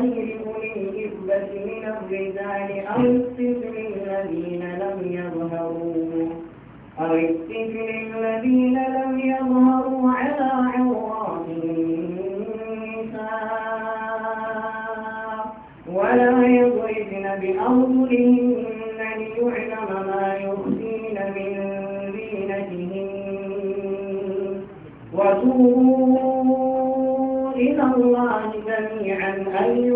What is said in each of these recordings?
غير أولي الإذبة من الرجال أو الطفل الذين لم يظهروا أو الطفل الذين لم يظهروا على عورات النساء ولا يضربن بأرجلهن ليعلم ما يخفين من زينتهن وتوبوا إلى الله جميعا أيها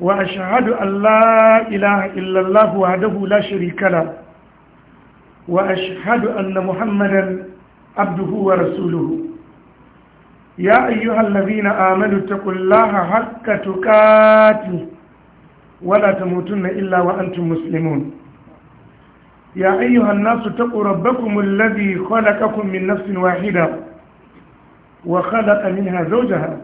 wa a shahadu Allah ilaha illallah wa haɗahu la shirikala wa a shahadu anna Muhammadan abduhu wa rasuluhu ya ayyu hallabi na amadu ta kullaha haka tukati wala ta mutum na illa wa antum muslimun ya ayyu hannasu ta ƙurabbakumin labi kwanakakun min nafsin wahida wa kada ƙaminha zaujahar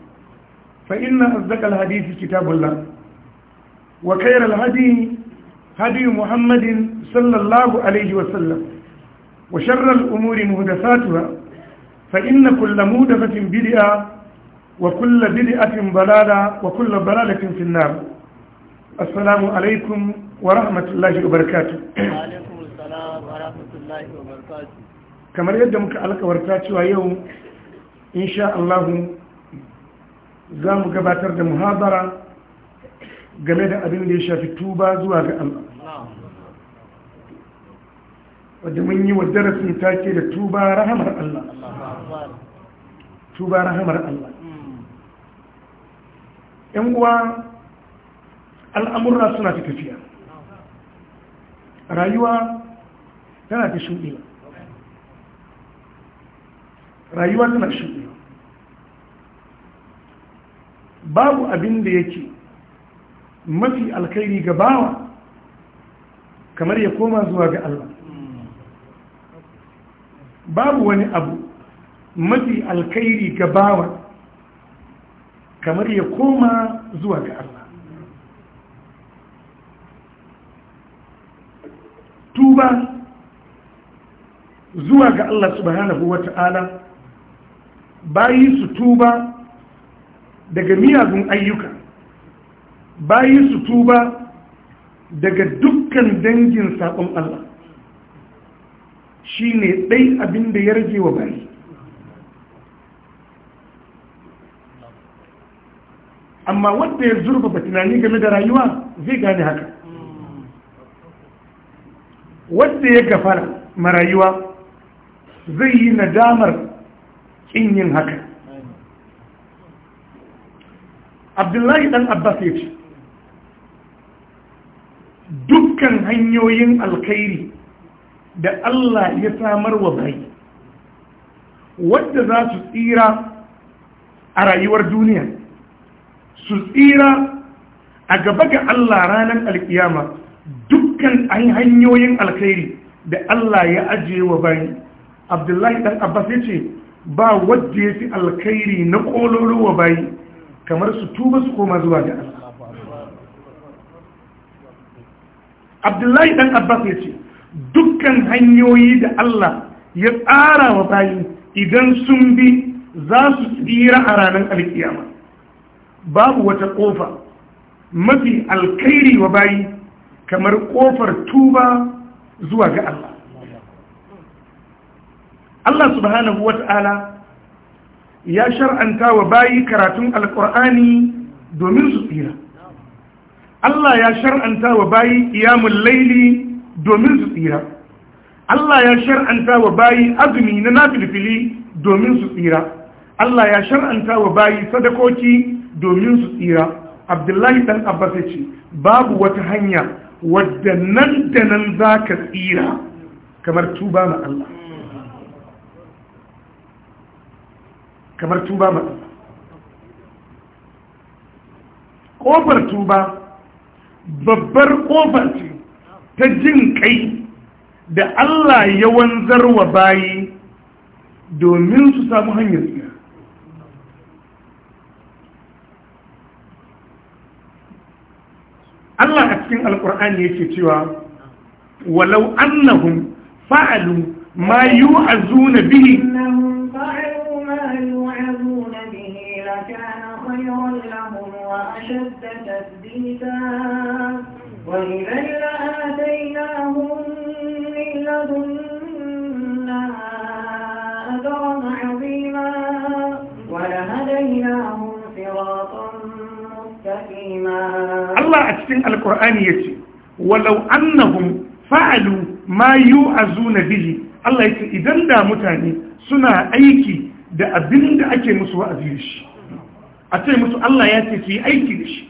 فإن أصدق الحديث كتاب الله وخير الهدي هدي محمد صلى الله عليه وسلم وشر الأمور مهدفاتها فإن كل مهدفة بدئة وكل بدئة ضلالة وكل ضلالة في النار السلام عليكم ورحمة الله وبركاته وعليكم السلام ورحمة الله وبركاته كما يدمك على كورتاتي ويوم إن شاء الله za mu gabatar da muhabara game da abin da ya shafi tuba zuwa ga Allah wadda mun yi wa darasin take da tuba rahamar Allah tuba rahamar Allah yan uwa al'amurra suna ta tafiya rayuwa tana ta shuɗewa rayuwa tana shuɗewa babu abin da yake mafi alkhairi ga bawa kamar ya koma zuwa ga Allah babu wani abu mafi alkhairi ga bawa kamar ya koma zuwa ga Allah tuba zuwa ga Allah subhanahu wata'ala bayi su tuba daga miyagun ayyuka bayi su tuba daga dukkan dangin saƙon Allah shi ne ɗai abin da ya rage wa bayi amma wanda ya ba tunani game da rayuwa zai gane haka wanda ya gafara marayuwa zai yi nadamar yin haka abdullahi dan abbas ya ce dukkan hanyoyin alkhairi da allah ya samar wa bayi wadda za su tsira a rayuwar duniya su tsira a gaba ga allah ranar alkiyama dukkan hanyoyin alkhairi da allah ya ajiye wa bai abdullahi ɗan abbas ya ce ba wadda ya fi alkhairi na kololo wa bayi kamar su tuba su koma zuwa ga Allah Abdullahi dan Abbas ya ce dukkan hanyoyi da Allah ya tsara wa bayi idan sun bi za su tsira a ranar alkiyama babu wata ƙofa mafi alkairi wa bayi kamar ƙofar tuba zuwa ga Allah Allah subhanahu wa ta'ala ya shar'anta wa bayi karatun alkur'ani domin su tsira Allah ya shar'anta wa bayi iyamun laili domin su tsira Allah ya shar'anta wa bayi azumi na nafilfili domin su tsira Allah ya shar'anta wa bayi sadakoki domin su tsira Abdullahi dan Abbas ya ce babu wata hanya wadda nan da nan za ka tsira kamar tuba na Allah kamar tuba ba ƙofar tuba babbar ƙofar ce ta jin kai da Allah ya wanzar bayi domin su samu hanyar tsira Allah a cikin alkur'ani ce cewa walau annahum fa'alu ma na bihi أشد تثبيتا وإذا لآتيناهم من لدنا أجرا عظيما ولهديناهم صراطا مستقيما الله أتسين القرآن يتي ولو أنهم فعلوا ما يوعزون به الله ya ce لا da mutane أيكي aiki da abin da ake musu wa'azi shi a ce musu Allah ya ce su yi aiki da shi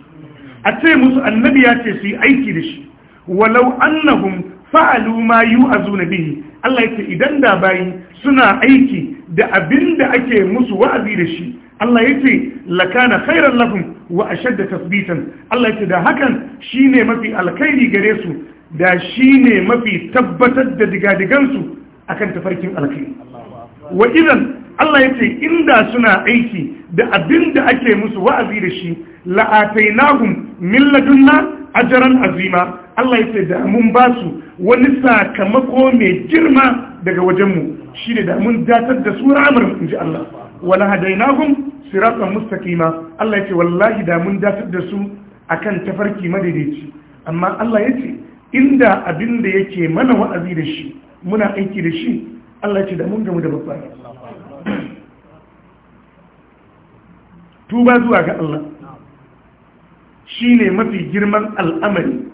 a ce musu annabi ya ce su yi aiki da shi walau annahum fa'alu ma yu'azuna bihi Allah ya ce idan da bayi suna aiki da abin da ake musu wa'azi da shi Allah ya ce lakana khairan lahum wa ashadda tasbitan Allah ya ce da hakan shine mafi alkhairi gare su da shine mafi tabbatar da su akan tafarkin alkhairi wa idan Allah ya ce inda suna aiki da abin da ake musu wa'azi da shi la'atainahum min ladunna ajran azima Allah ya ce da mun ba su wani sakamako mai girma daga wajenmu shine da mun datar da su in ji Allah wala hadainahum siratan mustaqima Allah ya ce wallahi da mun datar da su akan tafarki madaidaici amma Allah ya ce inda abin da yake mana wa'azi da shi muna aiki da shi Allah ya ce da mun gamu da babbar tuba zuwa ga Allah shi ne mafi girman al'amari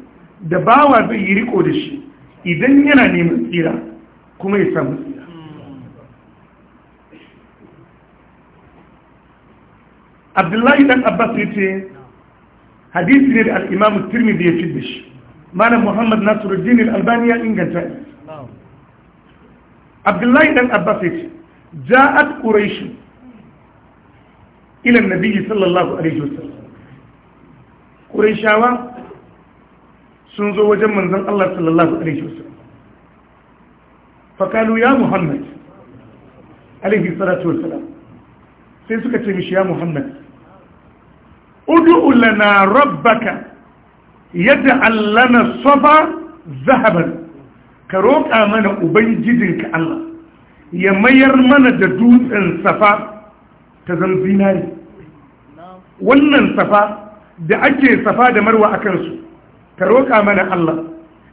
da bawa zai yi riko da shi idan yana neman tsira kuma ya samu tsira abdullahi dan abbas ya ce hadisi ne da al'imamu turmi da ya fi da shi mana muhammad nasiru jini ya inganta abdullahi dan abbas ya ce ja'at quraish ila annabi sallallahu alaihi wasallam quraishawa sun zo wajen manzon Allah sallallahu ya muhammad alaihi salatu wasallam sai suka ce mishi ya muhammad ud'u lana rabbaka yaj'al allana saba zahaban ka roƙa mana ubangijinka Allah ya mayar mana da dutsen safa ta zan wannan safa da ake safa da marwa a kansu ka roƙa mana Allah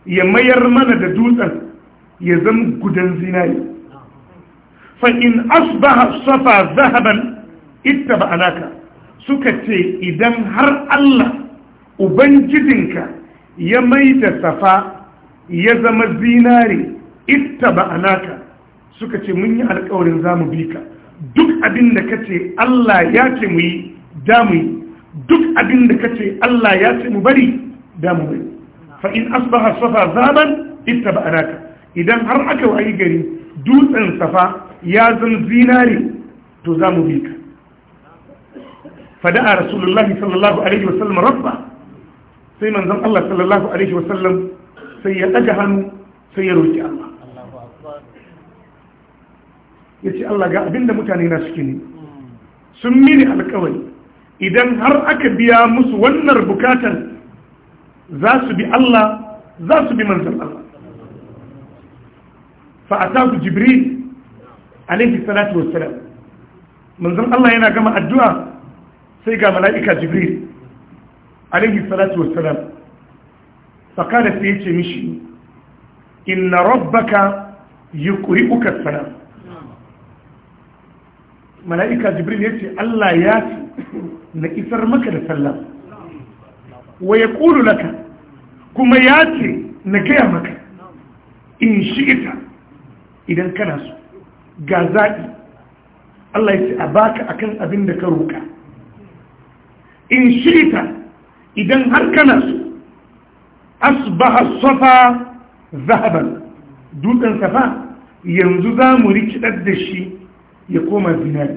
ya mayar mana da dutsen ya zan gudan zinari fa'in asbaha safa zahaban ita ba'anaka suka ce idan har Allah ubangijinka ya mai da safa ya zama zinari ita ba'anaka suka ce mun yi alkawarin za mu bi ka duk abin da ka ce Allah ya ce mu yi da mu yi duk abin da ka ce Allah ya ce mu bari da mu bari fa in asbaha safa zaban ittaba'naka idan har aka wayi gari dutsen safa ya zan zinare to za mu bi ka fada'a rasulullahi sallallahu alaihi wasallam rabba sai manzon Allah sallallahu alaihi wasallam sai ya daga hannu sai ya roki Allah ya ce Allah ga abinda mutane na suke ne sun mini alkawari idan har aka biya musu wannan bukatar za su bi Allah za su bi manzan Allah fa'ataku jibril alaihi salatu wassalam manzan Allah yana gama addu'a sai ga mala'ika jibril alaihi salatu wassalam faƙada sai ya ce mishi inna rabbaka yi ƙuri'ukar salam mala'ika jibril ya ce Allah ya ce na isar maka da sallah wa ya ƙuru laka kuma ya ce na gaya maka in shi ita idan kana su ga zaɓi Allah ya ce a baka akan abin da ka roƙa in shi ita idan har kana su asbaha safa zahaban dutsen safa yanzu za mu rikidar da shi ya koma zinari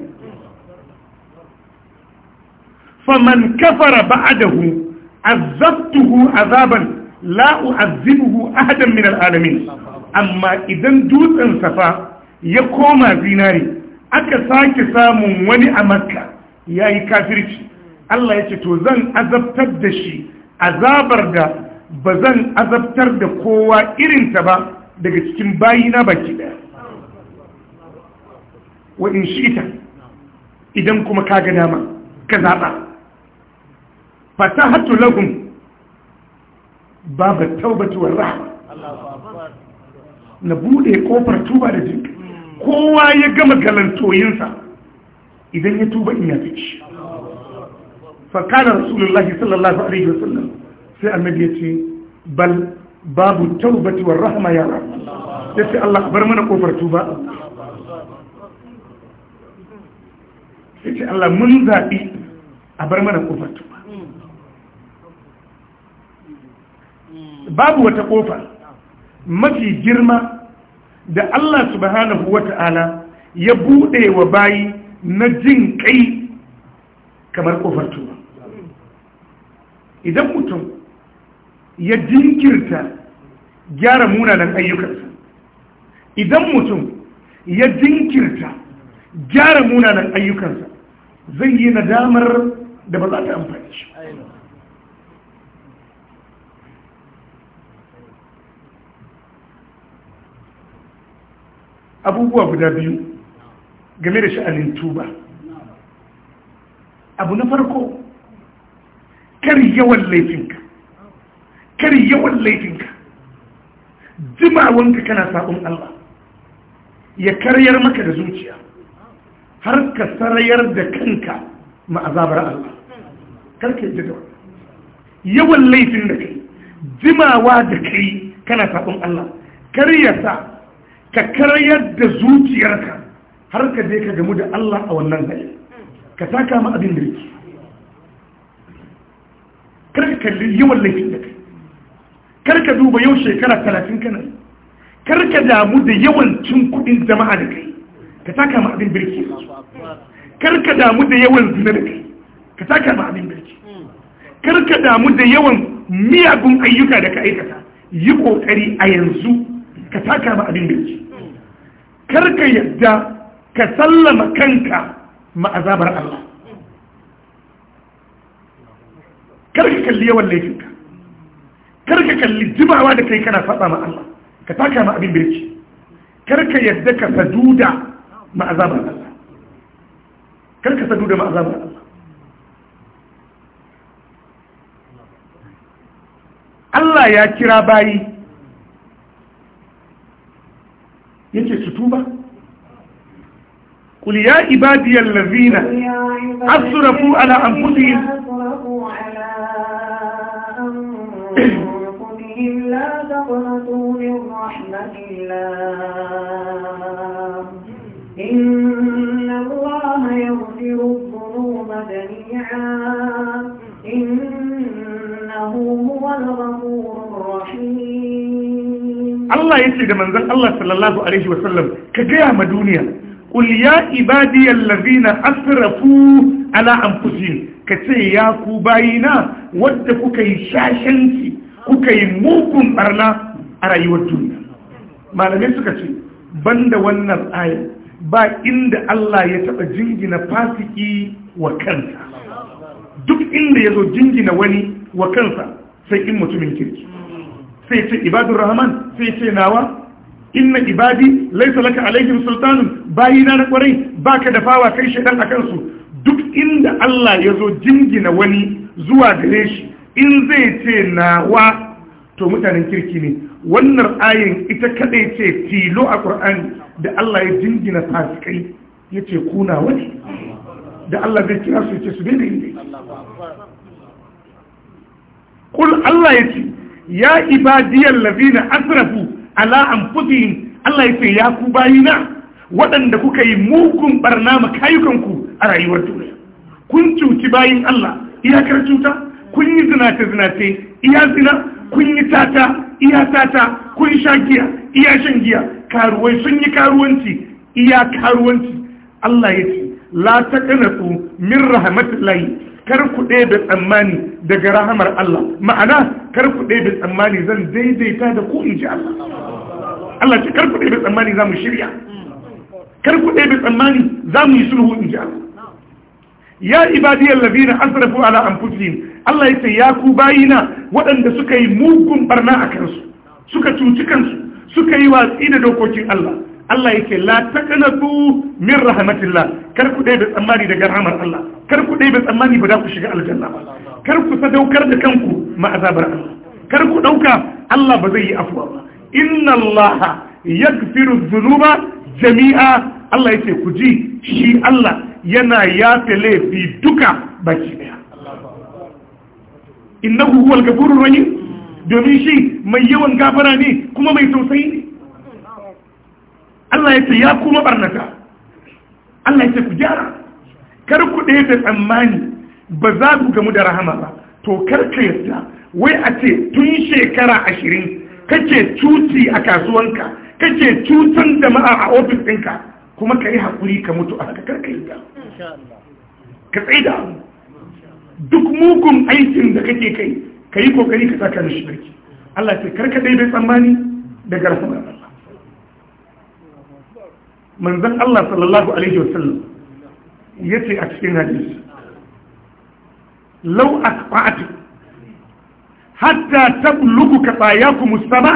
faman kafara ba'adahu azabtuhu azaban la u'azzibuhu ahadan min al'alamin amma idan dutsen safa ya koma zinari aka sake samun wani a makka yayi kafirci Allah ya ce to zan azabtar da shi azabar da ba zan azabtar da kowa irinta ba daga cikin bayina baki daya wa in shi'ita idan kuma ka ga dama ka zaɓa fatahatu lahum babu taubatu wa rahma na buɗe ƙofar tuba da jinka kowa ya gama galantoyinsa idan ya tuba in yafi shi fakanar rasulullahi sallallahu alaihi wasallam sai annabi ya ce bal babu taubati wa rahma ya rahma sai Allah bar mana ƙofar tuba sai ce Allah mun zaɓi a bar mana ƙofar tuba babu wata ƙofa mafi girma da Allah subhanahu wa ta'ala ya buɗe wa bayi na jin ƙai kamar ƙofar tuba idan mutum ya jinkirta gyara munanan ayyukansa idan mutum ya jinkirta gyara munanan ayyukansa zai yi nadamar da ba za ta amfani shi abubuwa guda biyu game da sha'anin tuba abu na farko kar yawan laifinka kar yawan laifinka jimawanka kana sabon Allah ya karyar maka da zuciya har ka sarayar da kanka ma'azabar azabar Allah karka yi da yawan laifin da kai jimawa da kai kana sabon Allah kar ya sa ka karyar da zuciyarka har ka je ka gamu da Allah a wannan hali ka taka ma abin da yake kar ka kalli yawan laifin da kai kar ka duba yau shekara talatin kana kar ka damu da yawan cin kuɗin jama'a da kai ka taka ma abin birki kar ka damu da yawan zina da kai ka taka ma abin birki kar ka damu da yawan miyagun ayyuka da ka aikata yi kokari a yanzu ka taka ma abin birki kar ka yadda ka sallama kanka ma'azabar Allah kar ka kalli yawan laifinka kar ka kalli jimawa da kai kana faɗa ma Allah ka taka ma abin birki kar ka yadda ka saduda ma'azabar Allah karka sadu da ma'azabar Allah Allah ya kira bayi yake su tuba قل يا عبادي الذين أسرفوا على أنفسهم لا يغفر الظنوب جميعا إنه هو الغفور الرحيم Allah ya ce da manzan Allah sallallahu Alaihi wasallam ka gaya ma duniya, Kul ya ibadiyar lazina asirafu ala amfusin ka ce ya ku bayina wadda kuka yi shashanci kuka yi mugun ɓarna a rayuwar Malamai suka ce, banda wannan ayin ba inda Allah ya taɓa jingina fasiki wa kansa duk inda ya zo jingina wani wa kansa sai in mutumin kirki sai ce ibadun rahman sai ce nawa inna ibadi laisa laka alaihim sultanun bayina na kwarai baka da fawa kai shaɗan a kansu duk inda Allah ya zo jingina wani zuwa gare shi in zai ce nawa to mutanen kirki ne wannan ayin ita kadai ce tilo a ƙur'ani da Allah ya jingina fasikai ya ce kuna wani da Allah zai kira su ce su bai da inda kul Allah ya ce ya ibadiyar lazina asrafu ala anfusihim Allah ya ce ya ku bayina waɗanda kuka yi mugun ɓarnama kayukanku a rayuwar duniya kun cuci bayin Allah iyakar cuta kun yi zinace zinace iya zina kun yi tata iya tata kun sha giya iya shan giya karuwai sun yi karuwanci iya karuwanci Allah ya ce la taqnatu min rahmatillahi kar ku ɗebe tsammani daga rahamar Allah ma'ana kar ku ɗebe tsammani zan daidaita da ku in ji Allah Allah ce kar ku ɗebe tsammani za mu shirya kar ku ɗebe tsammani za mu yi sulhu in ji Allah ya ibadiyar labina asrafu ala anfusihim Allah ya ce ya ku bayina waɗanda suka yi mugun barna a kansu suka cuci kansu suka yi watsi da dokokin Allah Allah ya ce la taqnatu min rahmatillah kar ku da tsammani daga rahmar Allah kar ku da tsammani ba za ku shiga aljanna ba kar ku sadaukar da kanku ma azabar Allah kar ku dauka Allah ba zai yi afwa ba inna Allah yaghfiru dhunuba jami'a Allah ya ce ku ji shi Allah yana yafe laifi duka baki daya innahu huwal gafurur rahim domin shi mai yawan gafara ne kuma mai sosai ne Allah ya ce ya kuma barnata Allah ya ce ku gyara kar ku ɗaya da tsammani ba za ku gamu da rahama ba to kar ka yadda wai a ce tun shekara ashirin kake cuci a kasuwanka kake cutan jama'a a ofis ɗinka kuma ka yi haƙuri ka mutu a haka kar ka yadda ka tsaye da duk mugun aikin da kake kai ka yi kokari ka saka mishi barki Allah ce karka daidai tsammani da rahamar Allah manzon Allah sallallahu alaihi wasallam yace a cikin hadisi law aqfa'at hatta tablugu kafayakum as-sama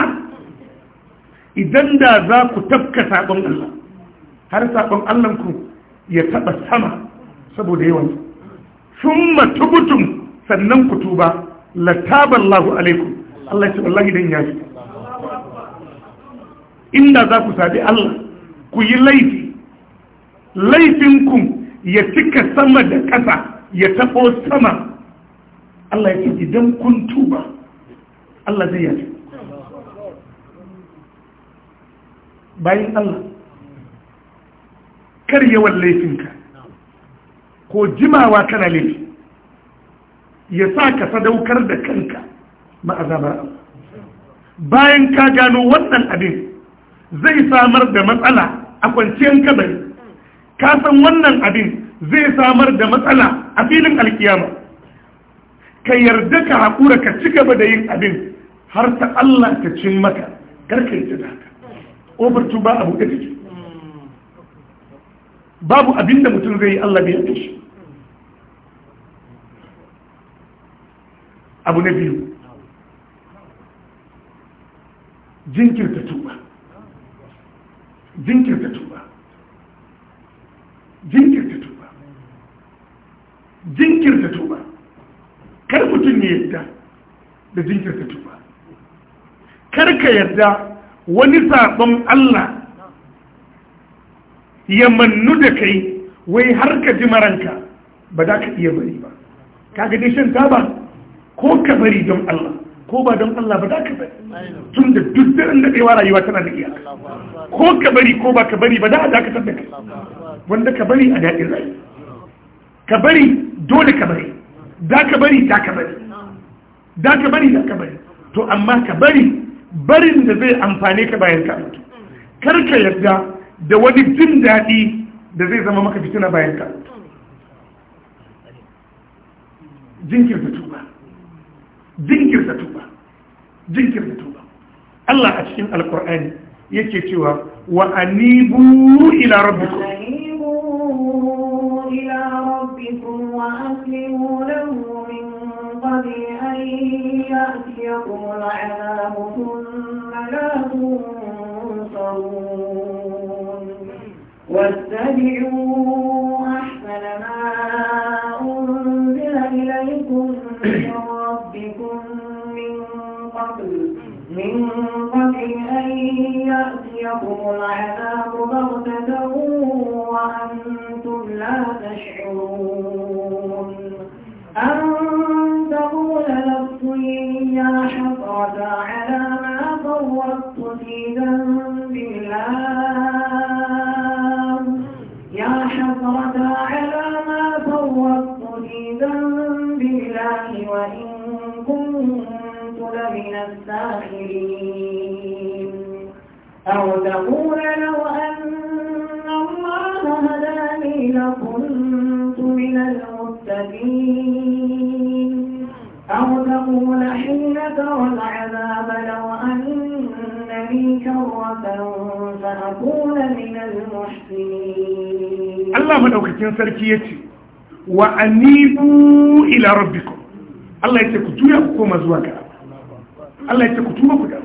idan da za ku tafka sabon Allah har sabon Allah ku ya taba sama saboda yawan thumma tubtum sannan ku tuba taballahu alaikum Allah ya ce wallahi dan yafi inda za ku sabi Allah ku yi laifi Laifin ku ya cika sama da ƙasa ya taɓo sama Allah ya ce idan kun tuba Allah zai yafi bayan Allah kar yawan laifinka ko jimawa kana laifi ya sa ka sadaukar da kanka ma'azabar bayan ka gano wannan abin zai samar da matsala a kwanciyar kabari ka san wannan abin zai samar da matsala a filin alkiyama ka yarda ka haƙura ka ci gaba da yin abin har ta Allah ta cin maka karka yi ta daga ofartu ba abu da take babu abinda mutum zai yi Allah bai yarda shi abu na biyu jinkirta tuba jinkirta tuba jinkirta tuba jinkirta tuba kar mutum ya yadda da jinkirta tuba kar ka yadda wani sabon Allah ya mannu da kai wai har ka ji maranka ba za ka iya bari ba kaga dai shan taba ko ka bari don Allah ko ba don Allah ba za ka bari tun da duk daren daɗewa rayuwa tana da iyaka ko ka bari ko ba ka bari ba za a dakatar da kai wanda ka bari a daɗin rayu ka bari dole ka bari za ka bari za ka bari za ka bari za ka bari to amma ka bari barin da zai amfane ka bayan ka mutu kar ka yarda da wani jin daɗi da zai zama maka fitina bayan ka jinkirta tuba jinkirta tuba jinkirta tuba Allah a cikin alkur'ani yake cewa wa anibu ila rabbikum wa anibu ila rabbikum wa aslimu lahu min qabli an ya'tiyakum al'adabu thumma la tunsarun واتبعوا أحسن ما أنزل إليكم من ربكم من قبل من قبل أن يأتيكم العذاب بغتة وأنتم لا تشعرون أن sarki ya ce wa anibu ila Allah ya ce ku juya ku koma zuwa ga Allah ya ce ku tuba ku da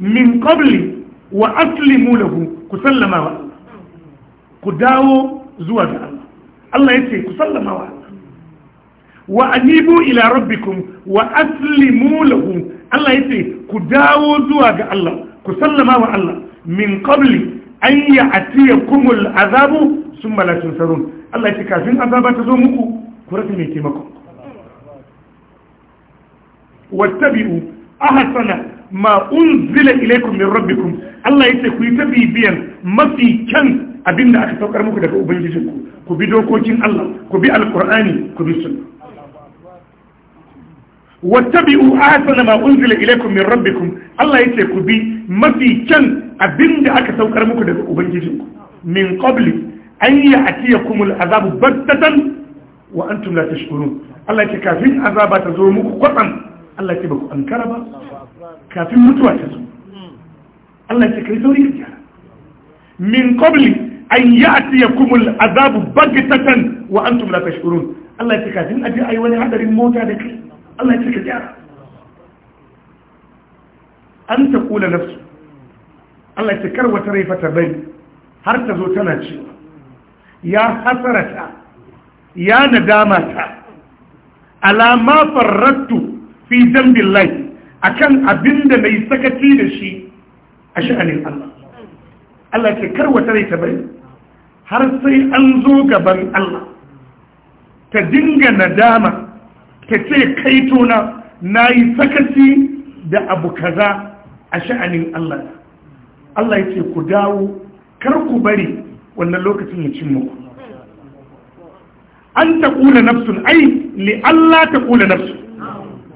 min qabli wa aslimu lahu ku sallama wa ku dawo zuwa ga Allah Allah ya ce ku sallama wa wa anibu ila rabbikum wa aslimu lahu Allah ya ce ku dawo zuwa ga Allah ku sallama wa Allah min qabli an ya atiya kumul azabu sun malatun sarun Allah ce kafin azaba ta zo muku ku rasa mai taimako a ahsana ma unzila ilaykum min rabbikum Allah ya ce ku yi ta bibiyan mafi kyan abinda aka saukar muku daga ubangijinku ku bi dokokin Allah ku bi alkur'ani ku bi sunna wattabi'u ahsana ma unzila ilaykum min rabbikum Allah yace ku bi mafi kyan abinda aka saukar muku daga ubangijinku min qabli an ya'tiyakum al'azabu battatan wa antum la tashkurun Allah yace kafin azaba ta zo muku kwatsam Allah yace baku ankara ba kafin mutuwa ta zo Allah yace kai sauri ka jira min qabli an ya'tiyakum al'azabu battatan wa antum la tashkurun Allah yace kafin aje ayi wani hadarin mota da kai Allah ya ce ka gyara an ta kula nafsu Allah ya ce kar wata rai fata bai har ta zo tana cewa ya hasarata ya nadama ta alama farrattu fi zambin lai akan abin da mai sakaci da shi a sha'anin Allah Allah ce kar wata rai ta bai har sai an zo gaban Allah ta dinga nadama ka ce kai tona na yi sakaci da abu kaza a sha'anin Allah Allah ya ce ku dawo kar ku bari wannan lokacin ya cin muku an ta kula nafsun ai li Allah ta kula nafsun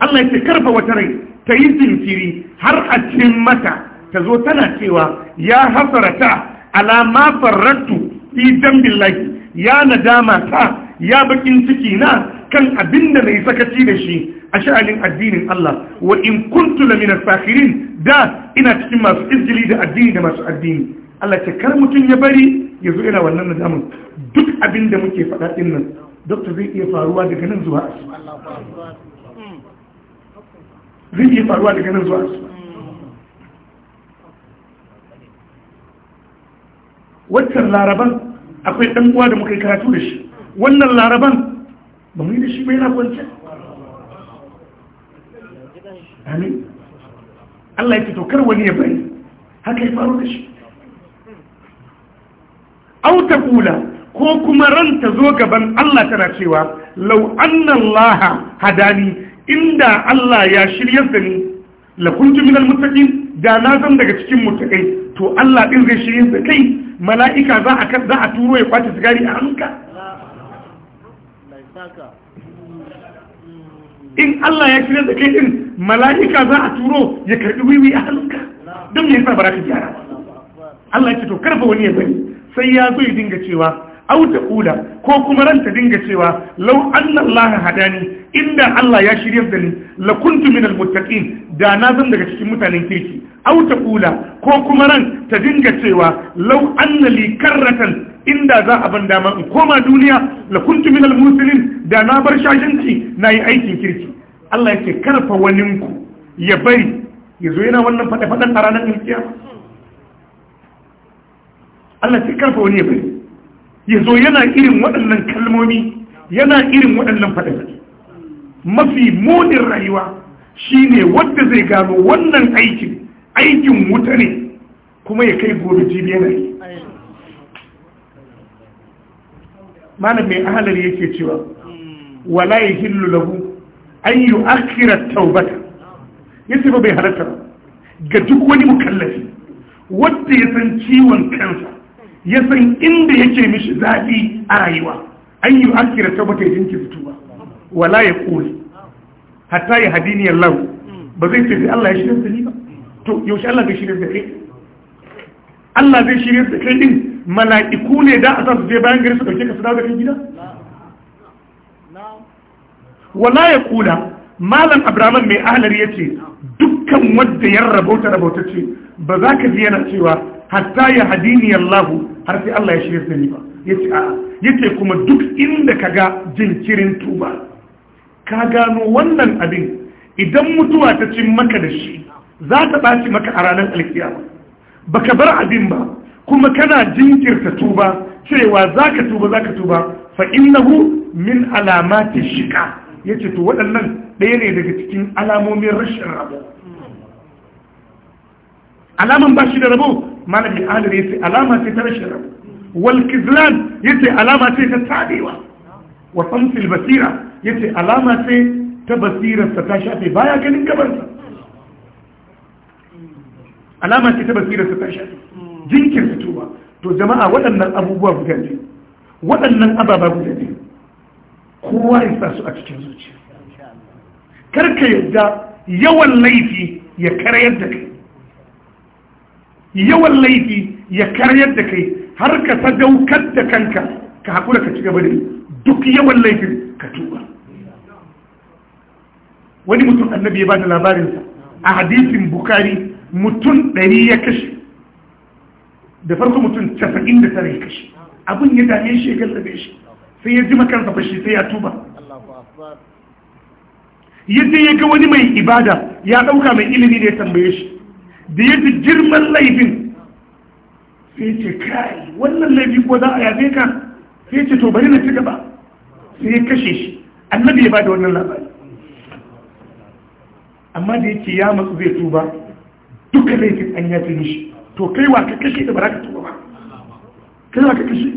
Allah ya ce karfa wata rai ta yi jinkiri har a cin mata ta zo tana cewa ya hasarata ala ma farrattu fi dambillahi ya nadama ta ya bakin ciki na kan abin da mai sakaci da shi a sha'anin addinin Allah wa in kuntu la min sakirin da ina cikin masu izgili da addini da masu addini Allah ce kar mutum ya bari ya zo ina wannan nadamin duk abin da muke faɗa din nan doctor zai iya faruwa daga nan zuwa asuba zai iya faruwa daga nan zuwa asuba waccan laraban akwai dan uwa da muka yi karatu da shi wannan laraban ba mu yi da shi ba yana kwance amin Allah ya ce to kar wani ya bari haka ya faru da shi Auta kula ko kuma ranta zo gaban Allah tana cewa lau annan laha hadani inda Allah ya shirya da ni la kuntu minal muttaqin da na zan daga cikin muttaqai to Allah din zai shirya da kai mala'ika za a turo ya kwace sigari a hannunka. Hmm. in Allah ya shirya da kai din mala'ika za a turo ya karɓi wiwi a hannunka don ya yasa ba gyara Allah ya ce to karfa wani ya bari sai ya zo ya dinga cewa au da ula ko kuma ran ta dinga cewa lau annallaha hadani inda Allah ya shirya da ni la kuntu minal muttaqin da na zan daga cikin mutanen kirki au ta ula ko kuma ran ta dinga cewa lau annali karratan inda za a ban dama in koma duniya la kuntu minal muslimin da na bar shashanci na yi aikin kirki Allah yake karfa waninku ya bari ya zo yana wannan faɗe-faɗen a ranar alkiyama Allah ce karfa wani ya bari ya zo yana irin waɗannan kalmomi yana irin waɗannan faɗin mafi munin rayuwa shine wadda zai gano wannan aikin aikin wuta ne kuma ya kai gobe jibi yana yi malam mai ahalar yake cewa wala ya hillu lahu an yi akira taubata ya ce ba bai halatta ga duk wani mukallafi wadda ya san ciwon kansa ya san inda yake mishi zafi a rayuwa an yi akira ta bata jinki fituwa wala ya kore hatta ya hadini ya ba zai ce Allah ya shirya da ni ba to yaushe Allah zai shirya da kai Allah zai shirya da kai din mala'iku ne da a su je bayan gari su dauke ka su dawo da kai gida wala ya kula malam abraman mai ahalar ya ce dukkan wanda ya rabota rabota ce ba za ka ji yana cewa hatta ya hadini Allah har sai Allah ya shirye ni ba yace a'a yace kuma duk inda kaga jinkirin tuba ka gano wannan abin idan mutuwa ta cin maka da shi za ta ɓaci maka a ranar alkiyama baka bar abin ba kuma kana jinkirta tuba cewa zaka ka tuba za tuba fa innahu min alamati shika yace to waɗannan ɗaya ne daga cikin alamomin rashin rabo alaman ba shi da rabo malamin adar ya ce alama ce ta rashin rabu wal ya ce alama ce ta tsadewa. wa samsil basira ya ce alama ce ta basirarsa ta shafe baya ganin gabarsa alama ce ta basirarsa ta shafe jinkirta tuba to jama'a waɗannan abubuwa guda ne waɗannan ababa guda ne kowa ya sa su a cikin zuciya karka yadda yawan laifi ya karyar da kai yawan laifi ya karyar da kai har ka sadaukar da kanka ka haƙura ka ci gaba da duk yawan laifin ka tuba wani mutum annabi ya ba da labarinsa a hadisin bukari mutum ɗari ya kashe da farko mutum casa'in da tare ya kashe abin ya dame shi ya gallabe shi sai ya ji makansa fashi sai ya tuba yadda ya ga wani mai ibada ya ɗauka mai ilimi da ya tambaye shi da ya fi girman laifin sai ce kai wannan laifi ko za a yafe ka sai ce to bari na ci gaba sai ya kashe shi annabi ya bada wannan labari amma da yake ya matsu zai tuba duka laifin an yafe shi to kai wa ka kashe da baraka tuba ba kai wa ka kashe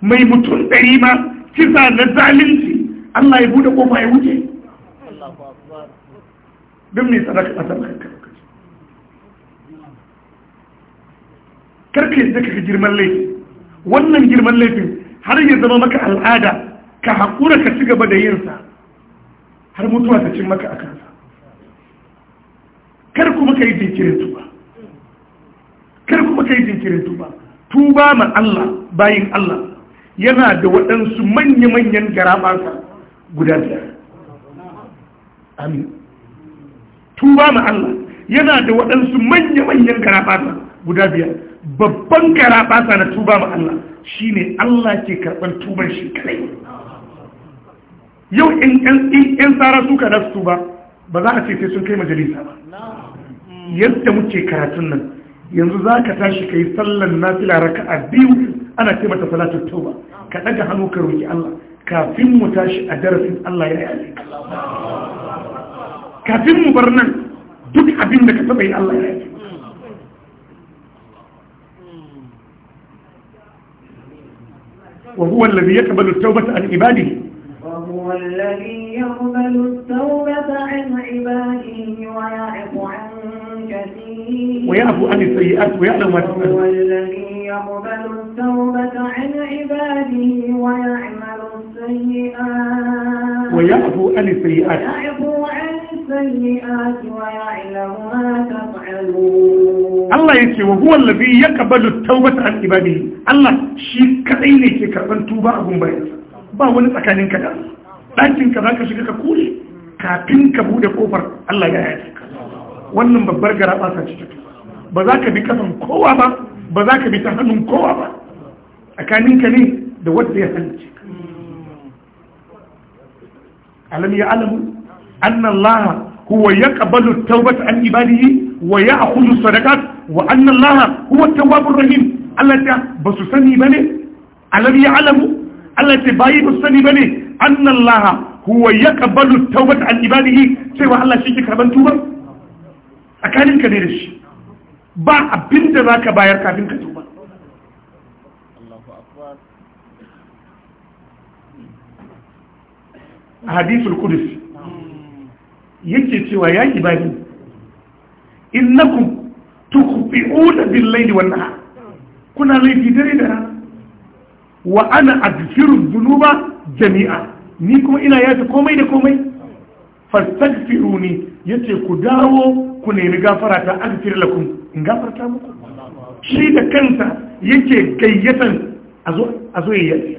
mai mutum ɗari ma kisa na zalunci Allah ya bude kofa ya wuce duk mai sadaka a sadaka ka lokaci da kaka girman laifi wannan girman laifin har ya zama maka al'ada ka haƙura ka ci gaba da yinsa har mutuwa ta cin maka a kansa kar kuma yi jinkirin tuba karku maka yi jinkirin tuba tuba ma Allah bayin Allah yana da waɗansu manya-manyan garabansa guda biyar amin tuba ma Allah yana da waɗansu manya-manyan garabasa guda biyar babban garabasa na tuba ma Allah ne Allah ke karɓar tuban shi kalai yau in ƴan tsara suka da su tuba ba za a ce sai sun kai majalisa ba yadda muke karatun nan yanzu za ka tashi ka yi sallan na raka a biyu ana ce mata salatun tuba ka ɗaga hannu ka roƙi Allah kafin mu tashi a darasin Allah ya yi kafin mu bar nan duk abin da ka taba yi Allah ya yi وهو الذي يقبل التوبة عن عباده وهو الذي يقبل التوبة عن عباده ويعفو عن كثير ويعفو عن السيئات ويعلم ما تفعل وهو الذي يقبل التوبة عن عباده ويعمل السيئات ويعفو عن السيئات ويعفو عن السيئات ويعلم ما تفعلون الله يتي وهو الذي يقبل التوبة عن عباده الله شي كدai ne ke karban tuba a gumbayar ba wani tsakanin ka da ɗakin ka za ka shiga ka kule kafin ka bude kofar Allah ya yi wannan babbar gara ba sa cikin ba za ka bi kasan kowa ba ba za ka bi ta hannun kowa ba tsakanin ka ne da wanda ya halice alam ya alamu أن الله هو يقبل التوبة عن عباده ويأخذ الصدقات وأن الله هو التواب الرحيم الله تعالى بسسني بني الذي يعلم الله تعالى بسسني بني أن الله هو يقبل التوبة عن عباده سوى الله شيء كربان توبة أكالين كديرش با أبين ذاك باير كابين كتوبة حديث القدس yake cewa ya ibadi innakum tukhfi'una bil-layli wan-nahar kuna laifi dare da rana wa ana aghfiru jami'a ni kuma ina yafi komai da komai fastaghfiruni yace ku dawo ku nemi gafara ta aghfir lakum in gafarta muku shi da kansa yake gayyatan ya yi yayi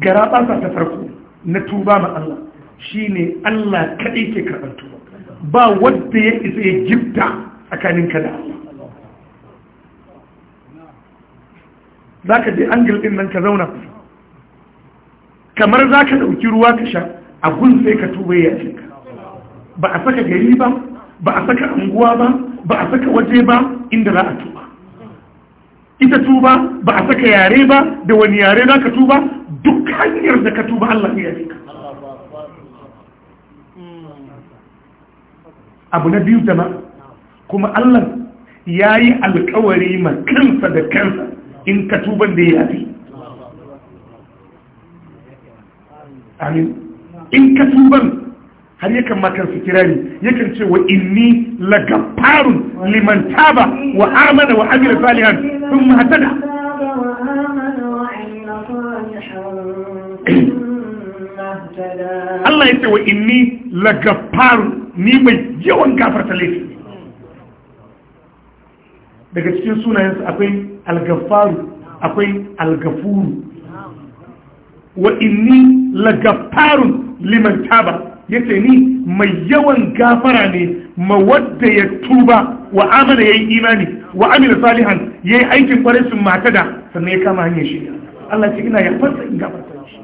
gara sa ta farko na tuba ma Allah shi ne Allah kaɗai ke karɓar tuba ba wanda ya isa ya gifta tsakanin ka da Allah za ka je angil ɗin nan ka zauna kamar za ka ɗauki ruwa ka sha a gun sai ka tuba ya ce ba a saka gari ba ba a saka anguwa ba ba a saka waje ba inda za a tuba ita tuba ba a saka yare ba da wani yare za ka tuba duk hanyar da ka tuba Allah ya yi abu na biyu jama kuma Allah ya yi alkawari ma kansa da kansa in ka tuban da ya fi amin in ka tuban har yakan makar kansa kirari yakan ce wa inni lagafarun liman taba wa amana wa amina salihan sun mahatada Allah ya ce wa inni lagafaru ni mai yawan gafarta laifi daga cikin sunayensu akwai algafaru akwai algafuru wa inni lagafarun liman taba ya ce ni mai yawan gafara ne ma wadda ya tuba wa amana ya yi imani wa amina salihan ya yi aikin kwarai sun mata da sannan ya kama hanyar shiga Allah ce ina in shi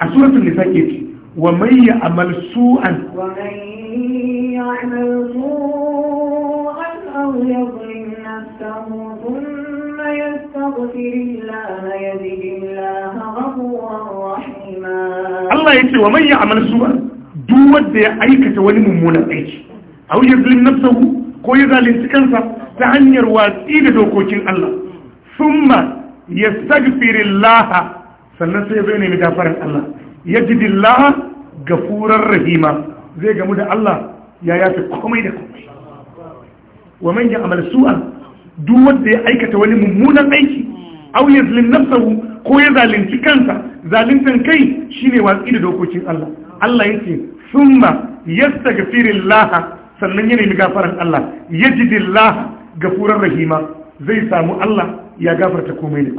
a suratul nisa ke ce wa man ya'mal su'an wa man ya'mal su'an aw yadhlim nafsahu thumma yastaghfir Allah yajid ghafuran rahima Allah yace wa man ya'mal su'an duk wanda ya aikata wani mummunan aiki aw yadhlim nafsahu ko ya zalunci kansa ta hanyar watsi da dokokin Allah summa yastaghfirillaha sannan sai zai nemi gafaran Allah yajidillaha gafurar rahima zai gamu da Allah ya yafi komai da komai wa man ya'mal su'an duk wanda ya aikata wani mummunan aiki aw yazlim nafsahu ko ya zalunci kansa zaluntan kai shine watsi da dokokin Allah Allah yake summa yastaghfirillaha sannan ya nemi gafaran Allah yajidillaha gafurar rahima zai samu Allah ya gafarta komai ne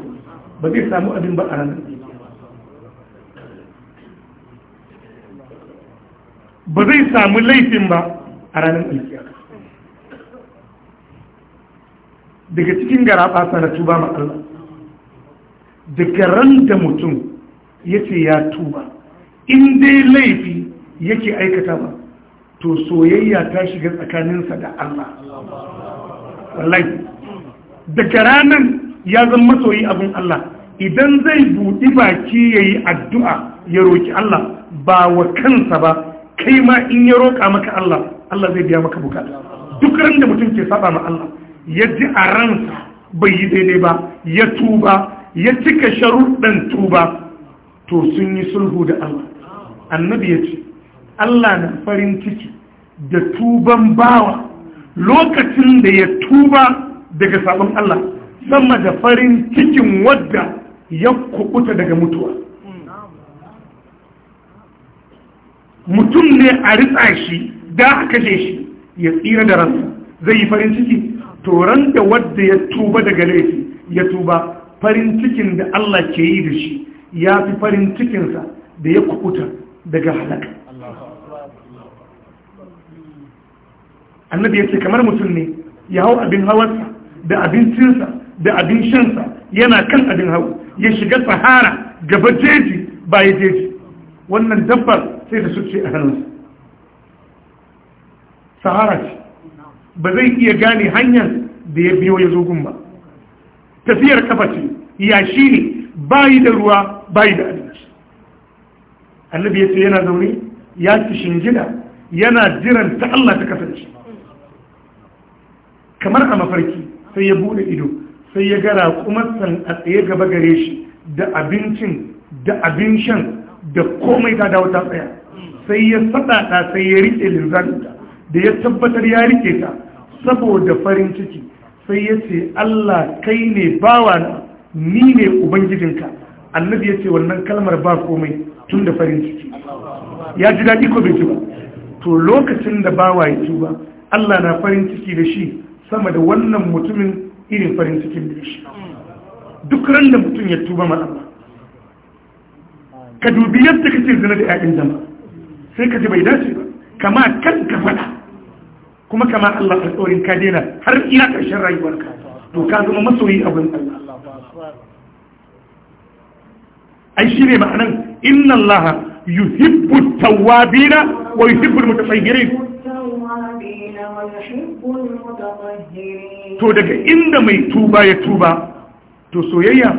ba zai samu abin ba a ranar ba zai samu laifin ba a ranar alkiyar daga cikin gara ɓasa na tuba ma daga ran da mutum ya ce ya tuba in dai laifi yake aikata ba to soyayya ta shiga tsakaninsa da Allah wallahi daga ranar ya zama masoyi abin Allah idan zai buɗi baki ya yi addu'a ya roƙi Allah ba wa kansa ba kai ma in ya roƙa maka Allah Allah zai biya maka bukata duk ran da mutum ke saba ma Allah ya ji a ransa bai yi daidai ba ya tuba ya cika sharuɗan tuba to sun yi sulhu da Allah annabi ya ce Allah na farin ciki da tuban bawa lokacin da ya tuba daga sabon Allah sama da farin cikin wadda ya kukuta daga mutuwa mutum ne a ritsa shi da a kashe shi ya tsira da ransa zai yi farin ciki toron da wadda ya tuba daga laifi ya tuba farin cikin da Allah ke yi da shi ya fi farin cikinsa da ya kukuta daga halaka annabi ya ce kamar mutum ne ya hau abin hawarsa da abincinsa da abin shansa yana kan abin hau ya shiga sahara gaba jeji baya jeji wannan dabbar sai da suke a hannunsa sahara ce ba zai iya gane hanyar da ya biyo ya zo ba tafiyar kafa ce shi ne bayi da ruwa bayi da abinci annabi ya ce yana zaune ya ci shingida yana jiran ta Allah ta kasance kamar a mafarki sai ya bude ido sai ya gara kuma san a tsaye gaba gare shi da abincin da abin shan da komai ta dawo ta tsaya sai ya saɗaɗa sai ya rike linzanta da ya tabbatar ya rike ta saboda farin ciki sai ya ce Allah kai ne bawa ni ne ubangijinka annabi ya ce wannan kalmar ba komai tun da farin ciki ya ji daɗi ko bai ji ba to lokacin da bawa ya ci ba Allah na farin ciki da shi sama da wannan mutumin irin farin cikin da shi duk ran da mutum ya tuba ma Allah ka dubi yadda kake zina da ƴaƴan jama'a sai ka ji bai dace ba kama kan ka faɗa kuma kama Allah alƙawarin ka daina har ina ƙarshen rayuwarka to ka zama masoyi abin Allah ai shi ma'anan inna Allah yuhibbu tawwabina wa yuhibbu al-mutatahhirin to daga inda mai tuba ya tuba to soyayya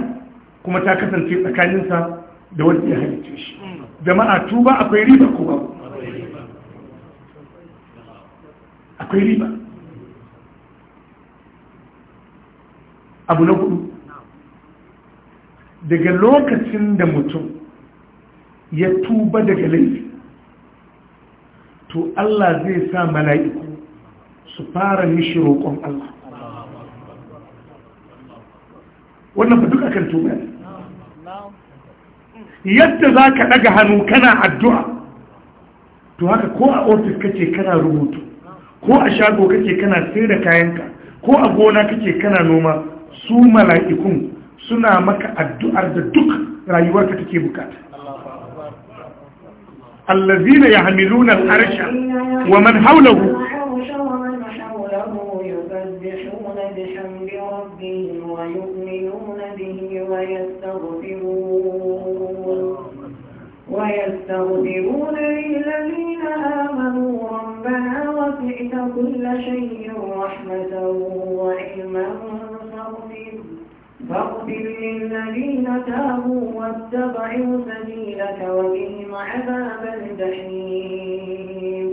kuma ta kasance tsakaninsa da wanda ya halitta shi jama'a tuba akwai riba ko ba akwai riba abu na hudu daga lokacin da mutum ya tuba daga laifi to Allah zai sa mala'iku su fara mishi roƙon Allah wannan ba duk akan tuba ne yadda za ka ɗaga hannu kana addu'a to haka ko a ofis kace kana rubutu ko a shago kake kana sai da kayanka ko a gona kake kana noma su mala'ikun suna maka addu'ar da duk rayuwarka take bukata allazina yahmiluna na arsha wa man hawlahu ويستغفرون ويستغفرون للذين آمنوا ربنا وسعت كل شيء رحمة وعلما فاغفر للذين تابوا واتبعوا سبيلك وبهم عذاب الجحيم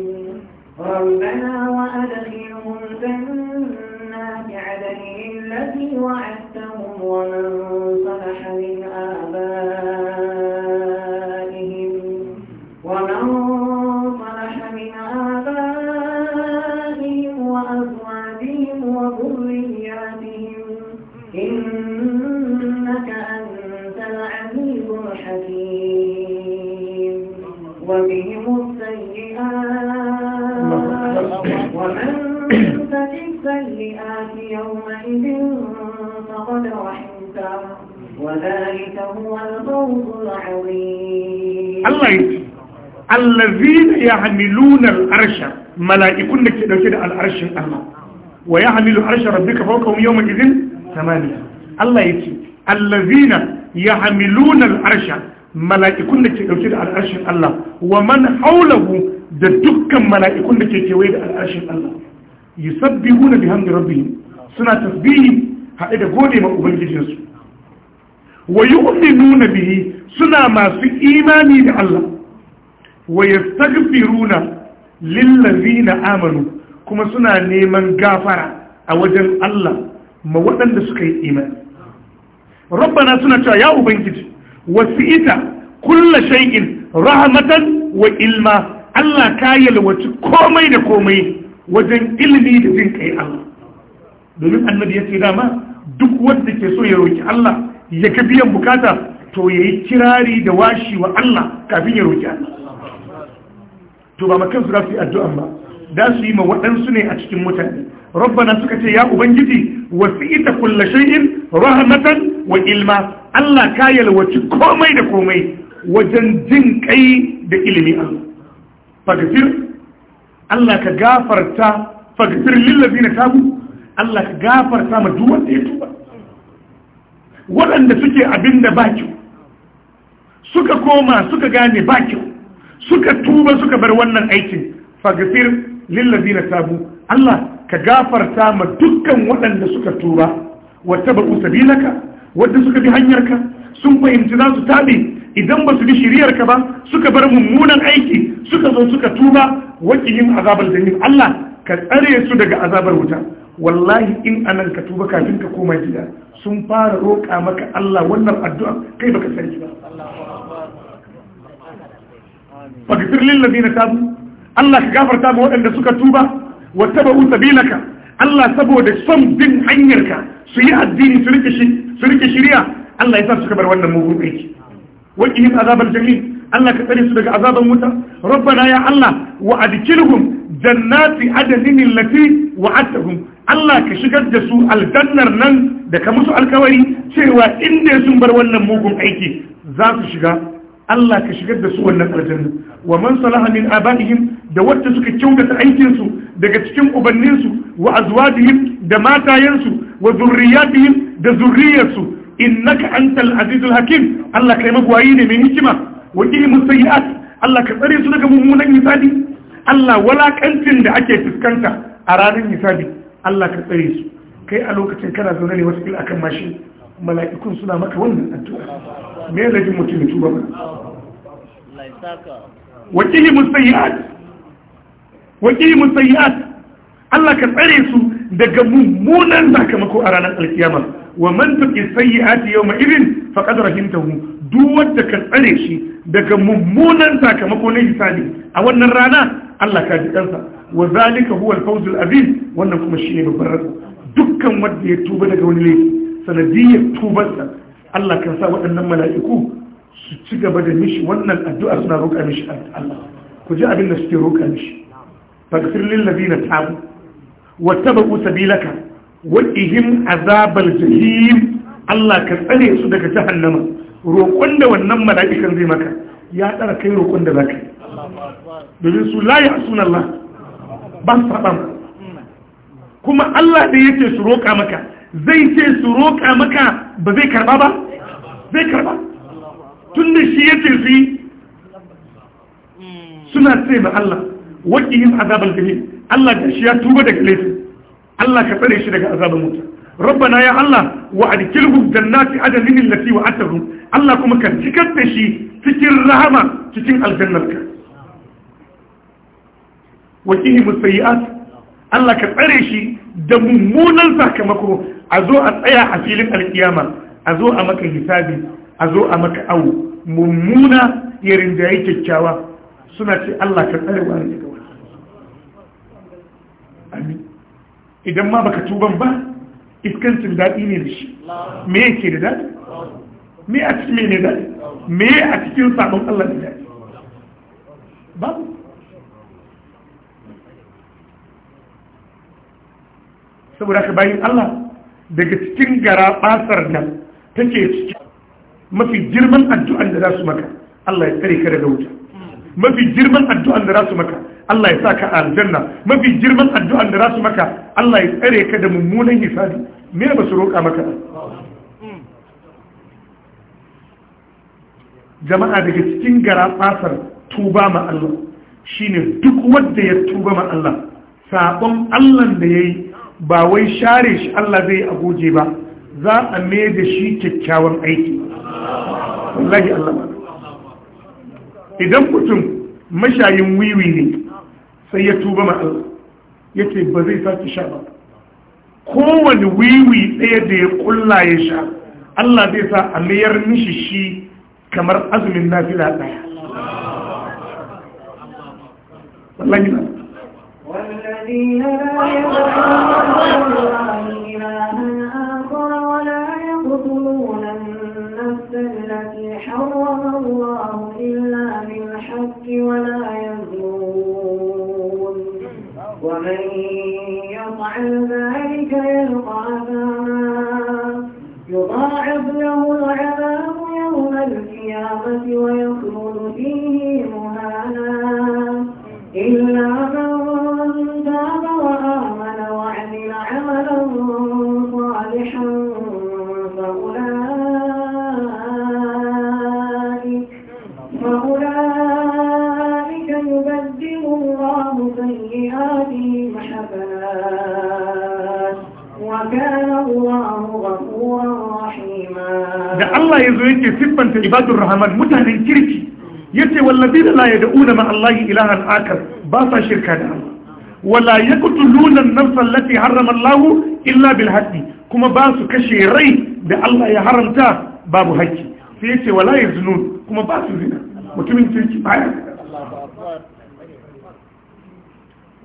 ربنا وأدخلهم جنات عدن التي وعدتهم ومن صلح من آبائهم يومئذ فقد رحمته وذلك هو العظيم الله الذين يحملون العرش ملائكون لك دوكي ده العرش الله ويحمل عرش ربك فوقهم يومئذ ثمانية الله يجي الذين يحملون العرش ملائكة da ke ɗauke da الله ومن حوله da dukkan mala'ikun da ke kewaye da al'arshin Allah yusabbihuna bihamdi rabbi suna tasbihi haɗe da gode ma ubangijinsu wa nuna bihi suna masu imani da Allah wa yastaghfiruna na amanu kuma suna neman gafara a wajen Allah ma waɗanda suka yi imani rabbana suna cewa ya ubangiji ita kulla shaikin rahmatan wa ilma Allah ka yalwaci komai da komai wajen ilimi da jin kai Allah domin annabi ya ce dama duk wanda ke so ya roki Allah ya ga biyan bukata to ya yi kirari da washi wa Allah kafin ya roki Allah to ba makan su za su yi addu'an ba da su yi ma waɗansu ne a cikin mutane rabbana suka ce ya ubangiji wasu ita kulla shay'in rahmatan wa ilma Allah ka yalwaci komai da komai wajen jin kai da ilimi Allah fagfir Allah ka gafarta fagfir na tabu Allah ka gafarta ma duk wanda ya tuba waɗanda suke abin da ba kyau suka koma suka gane ba kyau suka tuba suka bar wannan aikin fagfir na tabu Allah ka gafarta ma dukkan waɗanda suka tuba Wata wa tabu sabilaka wanda suka bi hanyarka sun fahimci za su tabi idan ba su bi shiriyarka ba suka bar mummunan aiki suka zo suka tuba wakilin azabar jahim Allah ka tsare su daga azabar wuta wallahi in anan ka tuba kafin ka koma gida sun fara roƙa maka Allah wannan addu'a kai baka sani ba faghfir lil ladina tabu Allah ka gafarta ma waɗanda suka tuba wa tabu sabilaka Allah saboda son bin hanyarka su yi addini su rike shi su rike shiriya Allah ya sa su bar wannan mugun aiki yin azabar jahim Allah ka tsare su daga azaban wuta rabbana ya Allah wa adkilhum jannati adnin allati wa'adtahum Allah ka shigar da su aljannar nan da ka musu alkawari cewa inda sun bar wannan mugun aiki za su shiga Allah ka shigar da su wannan aljanna wa man salaha min abaihim da wanda suka kyautata aikin su daga cikin ubanninsu wa azwajihim da matayensu wa zurriyatihim da zurriyarsu innaka antal azizul hakim Allah kai magwayi ne mai hikima wa ilmu sayyi'at Allah ka tsare su daga mummunan hisabi Allah walakancin da ake fuskanta a ranar hisabi Allah ka tsare su kai a lokacin kana zaune ne wasu akan mashi mala'ikun suna maka wannan addu'a me lajin mutum tuba ba wa ilmu sayyi'at wa ilmu sayyi'at Allah ka tsare su daga mummunan sakamako a ranar alkiyama wa man tuqi sayyi'ati yawma idin faqad rahimtahu duk wanda ka tsare shi daga mummunan sakamako na hisabi a wannan rana Allah ka ji kansa wa zalika huwa al-fawz al-azim wannan kuma shine babban rabu dukkan wanda ya tuba daga wani laifi sanadiyar tubarsa Allah kan sa waɗannan mala'iku su ci gaba da mishi wannan addu'a suna roƙa mishi Allah ku ji abin da suke roƙa mishi faghfir lil ladina tabu wa tabu sabilaka wa'ihim azabar jahim Allah ka tsare su daga jahannama roƙon da wannan mala'ikan zai maka ya tsara kai roƙon da za zaka domin su layi a sunan Allah ba su faɗa kuma Allah da ya ce su roƙa maka zai ce su roƙa maka ba zai karɓa ba zai karɓa tun da shi ya ce su yi suna ce ma Allah waƙihim azabar jahim Allah da shi ya tuba daga laifin Allah ka tsare shi daga azabar mutu rabbana ya Allah wa adkilhum jannati adalin allati wa'adtahum Allah kuma ka cikar da shi cikin rahama cikin aljannarka wa qihim sayiat Allah ka tsare shi da mummunan sakamako a zo a tsaya a filin alkiyama a zo a maka hisabi a zo a maka awo mummuna ya rinjaye kyakkyawa suna ce Allah ka tsare wa idan ma baka tuban ba iskantin daɗi ne da shi me yake da daɗi me a cikin mene daɗi me a cikin sabon Allah da daɗi ba. saboda ka bayin Allah daga cikin gara basar nan take cikin mafi girman addu'an da za su maka Allah ya tsare ka daga wuta mafi girman addu'an da za su maka Allah ya sa ka aljanna mafi girman addu'an da za su maka Allah ya tsare ka da mummunan hisabi me ba su roƙa maka jama'a daga cikin gara fasar tuba ma Allah ne duk wadda ya tuba ma Allah sabon Allah da ya yi, ba wai share shi Allah zai a guje ba za a mai da shi kyakkyawan aiki ya Allah idan mutum mashayin wiwi ne sai ya tuba ma Allah yace ba zai sake sha ba kowane wiwi ɗaya da ya kulla ya sha Allah zai sa a mayar mishi shi kamar azumin nafila ɗaya wallahi na والذين لا يدعون Allah ya zo yake siffanta ibadur rahman mutanen kirki yace wallazi la yad'una ma Allah ilahan akar ba sa shirka da Allah wala yaqtuluna an-nafsa allati harrama Allah illa bil haqqi kuma ba su kashe rai da Allah ya haramta babu haƙƙi sai yace wala yaznun kuma ba su zina mutumin kirki baya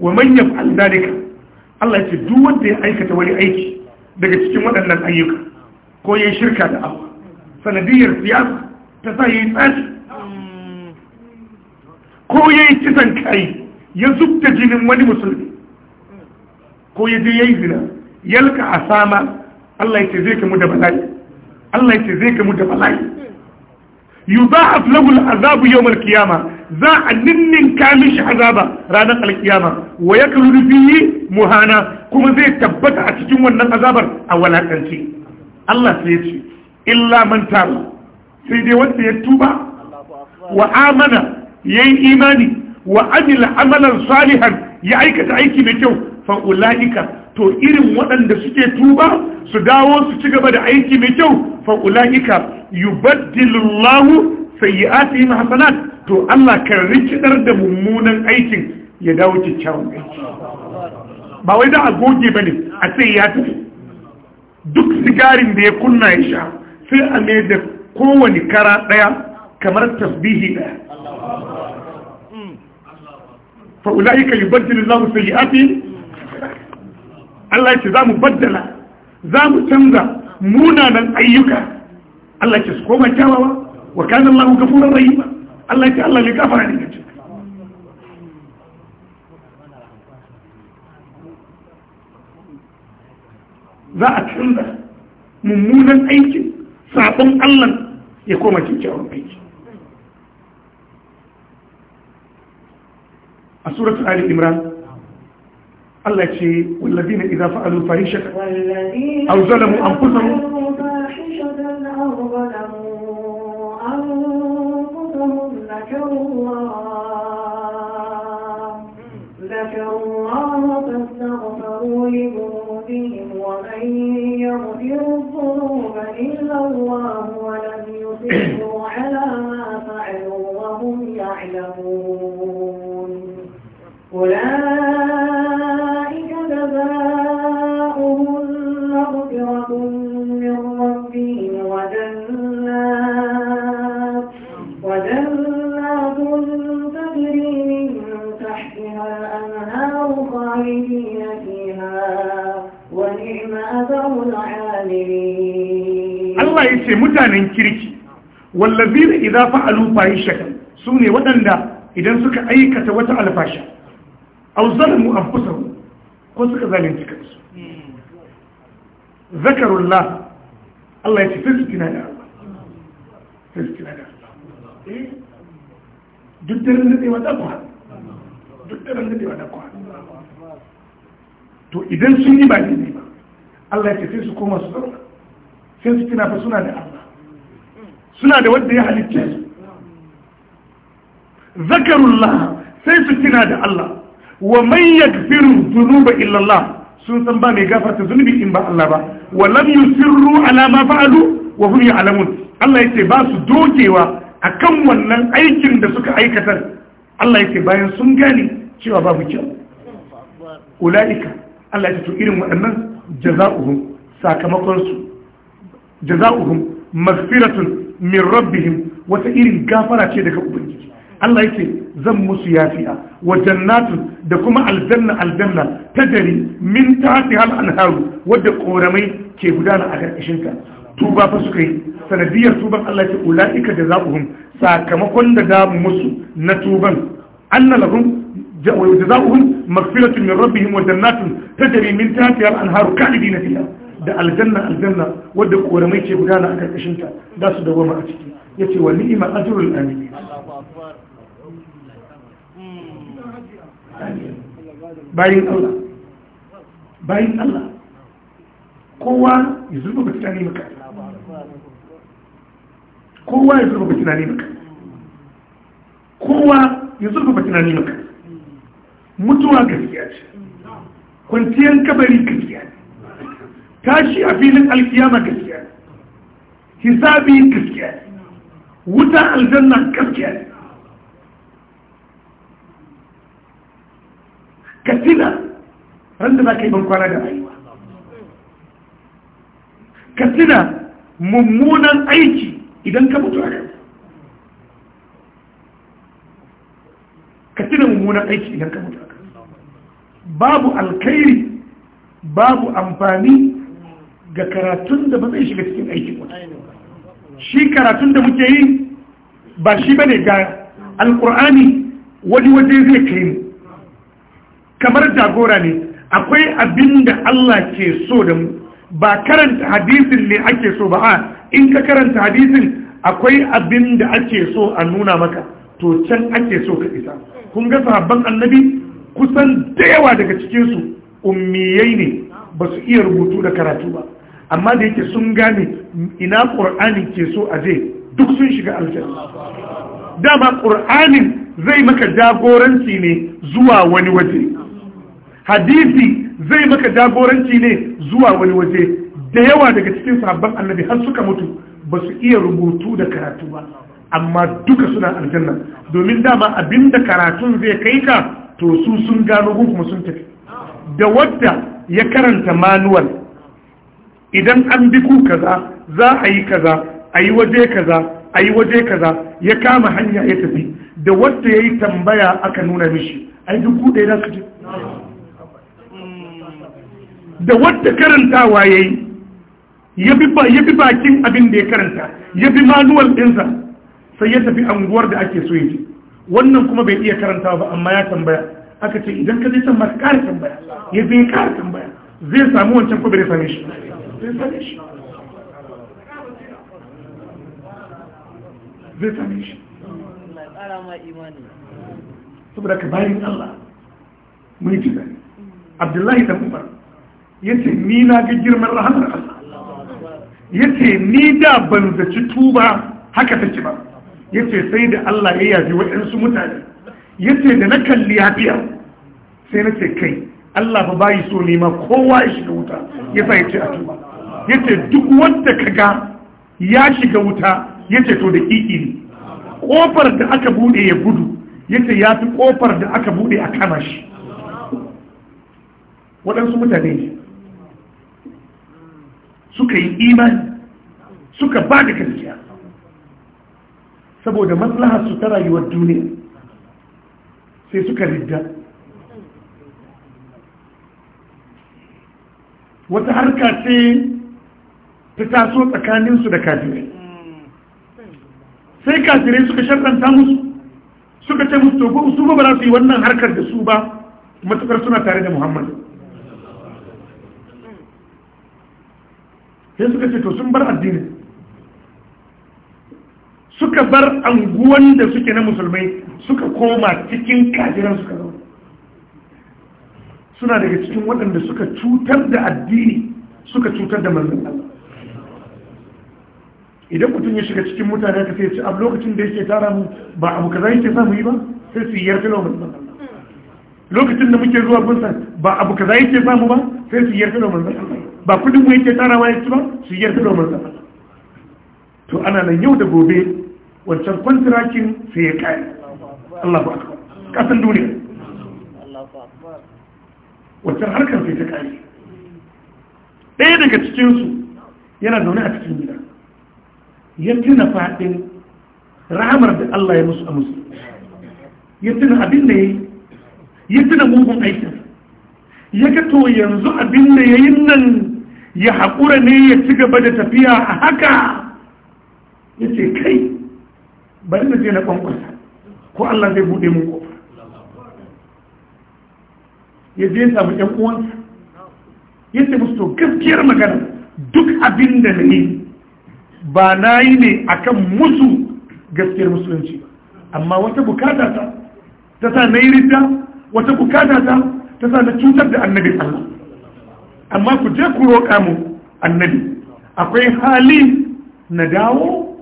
wa man yaf'al Allah ya ce duk wanda ya aikata wani aiki daga cikin waɗannan ayyuka ko ya shirka da Allah sanadiyar siyasa ta sa ya yi tsari ko ya yi kisan kai ya zubta jinin wani musulmi ko ya je ya yi zina yalka a sama Allah ya ce zai kamu da bala'i Allah ya ce zai kamu da bala'i yu za a flagul azabu yau kiyama za a ninnin kamin shi azaba ranar alkiyama wa ya kalu fiye muhana kuma zai tabbata a cikin wannan azabar a walakance Allah sai ya ce illa man sai dai wanda ya tuba wa amana yayi imani wa amila amalan salihan ya aikata aiki mai kyau fa'ula'ika to irin waɗanda suke tuba su dawo su ci gaba da aiki mai kyau fa'ula'ika yubaddilullahu yubaddilullahu sayyi'atihim hasanat to Allah kan rikidar da mummunan aikin ya dawo kyakkyawan aiki ba wai da a goge bane a sai ya tafi duk sigarin da ya kunna ya sha sai a mai da kowane kara ɗaya kamar tasbihi ɗaya fa'ula'ika yi baddala za mu sayi afi Allah ce za mu baddala za mu canza munanan ayyuka Allah ce su koma kyawawa wa kanan lahu gafuran ba. Allah ce Allah ne gafara ne gaci za a canza mummunan aikin sabon Allah ya koma kyakkyawan aiki a suratul ali imran Allah ce wallazina idza fa'alu fahishatan aw zalamu anfusahum أو ظلموا أنفسهم ذكروا الله Allah ya ce mutanen kirki wallazina idza fa'alu fahishatan sune waɗanda idan suka aikata wata alfasha aw zalamu anfusahum ko suka zalunci kansu zakarullah Allah ya ce fiskina da Allah fiskina da Allah eh? duk daren da tsewa dakwa duk daren da tsewa dakwa to idan sun yi ba ne ba Allah ya ce sai su koma su zauna sai su tuna fa suna da Allah suna da wanda ya halitta su zakarullah sai su tuna da Allah wa man yaghfiru dhunuba illa Allah sun san ba mai gafarta zunubi in ba Allah ba wa lam yusirru ala ma fa'alu wa hum ya'lamun Allah yace ba su dokewa akan wannan aikin da suka aikata Allah yace bayan sun gane cewa babu kyau ulaika Allah ya to irin waɗannan jaza'uhum sakamakon su jaza'uhum maghfiratun min rabbihim wata irin gafara ce daga ubangiji Allah yake zan musu yafiya wa jannatun da kuma aljanna aljanna ta dari min tafi hal anharu wadda koramai ke gudana a karkashin ta tuba fa suka yi sanadiyar tuban Allah ce ulaika jazaohum sakamakon da da musu na tuban anna lahum jazaohum maghfiratun min rabbihim wa jannatun tajri min tahtiha al-anharu khalidina fiha da aljanna aljanna wadda koramai ke gudana a karkashinta za su ma a ciki ya ce wa ni'ima ajrul amin bayin Allah bayin Allah kowa ya zurba ba tunani maka kowa ya zurba ba tunani maka kowa ya zurba ba tunani maka mutuwa gaskiya ce kwanciyar kabari gaskiya ne tashi a filin alkiyama gaskiya hisabi gaskiya wuta aljanna gaskiya ka tuna randa za ka yi bankwana da rayuwa ka tuna mummunan aiki idan ka mutu a kan ka tuna mummunan aiki idan ka mutu a kan babu alkairi babu amfani ga karatun da ba shiga cikin aikin wani shi karatun da muke yi ba shi ba ne ga alkur'ani wani waje zai kai kamar jagora ne akwai abin da Allah ke so da mu ba karanta hadisin ne ake so ba a in ka karanta hadisin akwai abin da ake so a nuna maka to can ake so ka isa kun ga sahabban annabi kusan da yawa daga cikinsu ummiyai ne ba su iya rubutu da karatu ba amma da yake sun gane ina ƙur'ani ke so a je duk sun shiga aljanna dama ƙur'anin zai maka jagoranci ne zuwa wani waje hadisi zai maka jagoranci ne zuwa wani waje da yawa daga cikin sabon annabi har suka mutu ba su iya rubutu da karatu ba amma duka suna aljanna domin dama abinda karatun zai kai ka to su sun gano kuma sun tafi da wadda ya karanta manuwal idan an bi ku kaza za a yi kaza a yi waje kaza a yi waje kaza ya kama hanya ya tafi da wanda ya yi tambaya aka nuna mishi ai duk ku su je da wanda karantawa ya yi ya bi bakin abin da ya karanta ya bi manuwal ɗinsa sai ya tafi anguwar da ake so ya wannan kuma bai iya karantawa ba amma ya tambaya aka ce idan ka je can ma ka ƙara tambaya ya zai ƙara tambaya zai samu wancan ko bai same shi zai same shi zai same shi saboda bayan Allah mun yi abdullahi da umar ya ce ni na ga girman rahamar Allah ya ce ni da ban zaci tuba haka take ba ya ce sai da Allah ya yafi waɗansu mutane ya ce da na kalli yafiya sai na ce kai Allah ba bayi so nema kowa ya shiga wuta ya sa ya a tuba yace duk wanda kaga ya shiga wuta yace to da kiki ne kofar da aka bude ya gudu yace ya fi kofar da aka bude a kama shi waɗansu mutane suka yi imani suka ba da gaskiya saboda maslahar su ta rayuwar duniya sai suka ridda wata harka ce ta taso tsakaninsu da kafirai sai kafirai suka shakanta musu suka ce musu togo su ba za su yi wannan harkar da su ba matukar suna tare da muhammad sai suka ce to sun bar addini suka bar anguwan da suke na musulmai suka koma cikin kafiran suka zaune suna daga cikin waɗanda suka cutar da addini suka cutar da manzan Allah idan mutum ya shiga cikin mutane ka sai ce a lokacin da yake tara mu ba abu kaza yake sa mu yi ba sai su yarda da manzon Allah lokacin da muke zuwa gunsa ba abu kaza yake sa mu ba sai su yarda da manzon Allah ba kudin mu yake tara wa yake ba su yarda da manzon to ana nan yau da gobe wancan kwantirakin sai ya kai Allahu akbar kasan duniya Allahu akbar wancan harkar sai ta kai ɗaya daga cikinsu yana zaune a cikin gida ya tuna faɗin rahamar da Allah ya musu a musu ya tuna abin da ya yi ya tuna mugun aikin ya ga to yanzu abin da ya yi nan ya haƙura ne ya ci gaba da tafiya a haka ya ce kai bari na je na ƙwanƙwasa ko Allah zai buɗe mun ƙofa ya je samu ‘yan uwansa ya ce musu to gaskiyar magana duk abin da na yi ba na yi ne akan musu gaskiyar musulunci amma wata bukata ta ta sa na yi ridda wata bukata ta ta sa na cutar da annabi Allah amma ku je ku roƙa mu annabi akwai hali na dawo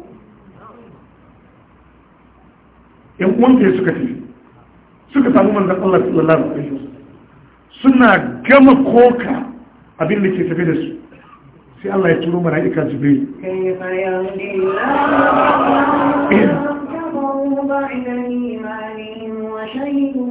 yan uwanka ya suka tafi suka samu manzan Allah sallallahu alaihi wasallam suna gama koka abin da ke tafi da su sai Allah ya turo mala'ika jibril كيف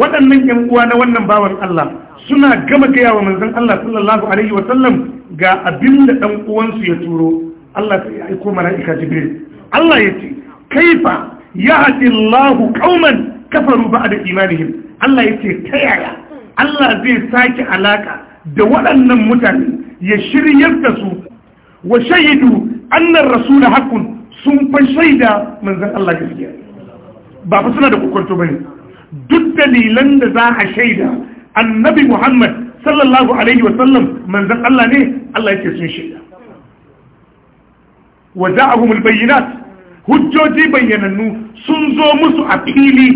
waɗannan ‘yan uwa na wannan bawan Allah suna gama gaya wa manzon Allah sallallahu alaihi wa sallam ga abin da ɗan uwansu ya turo Allah ta aiko mala'ika Jibril Allah ya ce kaifa ya'ti Allahu qauman kafaru ba'da imanihim Allah ya ce ta yaya Allah zai sake alaka da waɗannan mutane ya shiryar da su wa shahidu rasu rasul hakun sun fa shaida manzon Allah gaskiya ba fa suna da kokonto bane duk dalilan da za a shaida annabi muhammad sallallahu alaihi wasallam manzan Allah ne Allah yake sun shaida wa za'ahumul bayyinat hujjoji bayyanannu sun zo musu a fili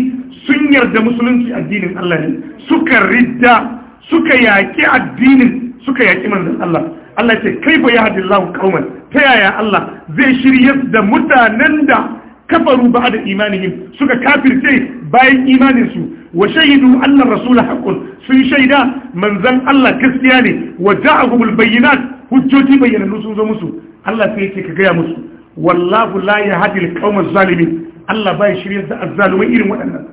sun yarda musulunci addinin Allah ne suka ridda suka yaƙi addinin suka yaƙi manzan Allah Allah ce kai ba ya hadin lahu kauman ta yaya Allah zai shirya da mutanen da kafaru ba'da imanihim suka kafirce bayan imanin su wa shahidu anna rasul haqqun sun shaida manzan Allah gaskiya ne wa ja'ahumul bayyinat hujjoji bayyanannu sun zo musu Allah sai yake ka gaya musu wallahu la yahdi al-qawmaz zalimin Allah bai shiryar da azzalumai irin waɗannan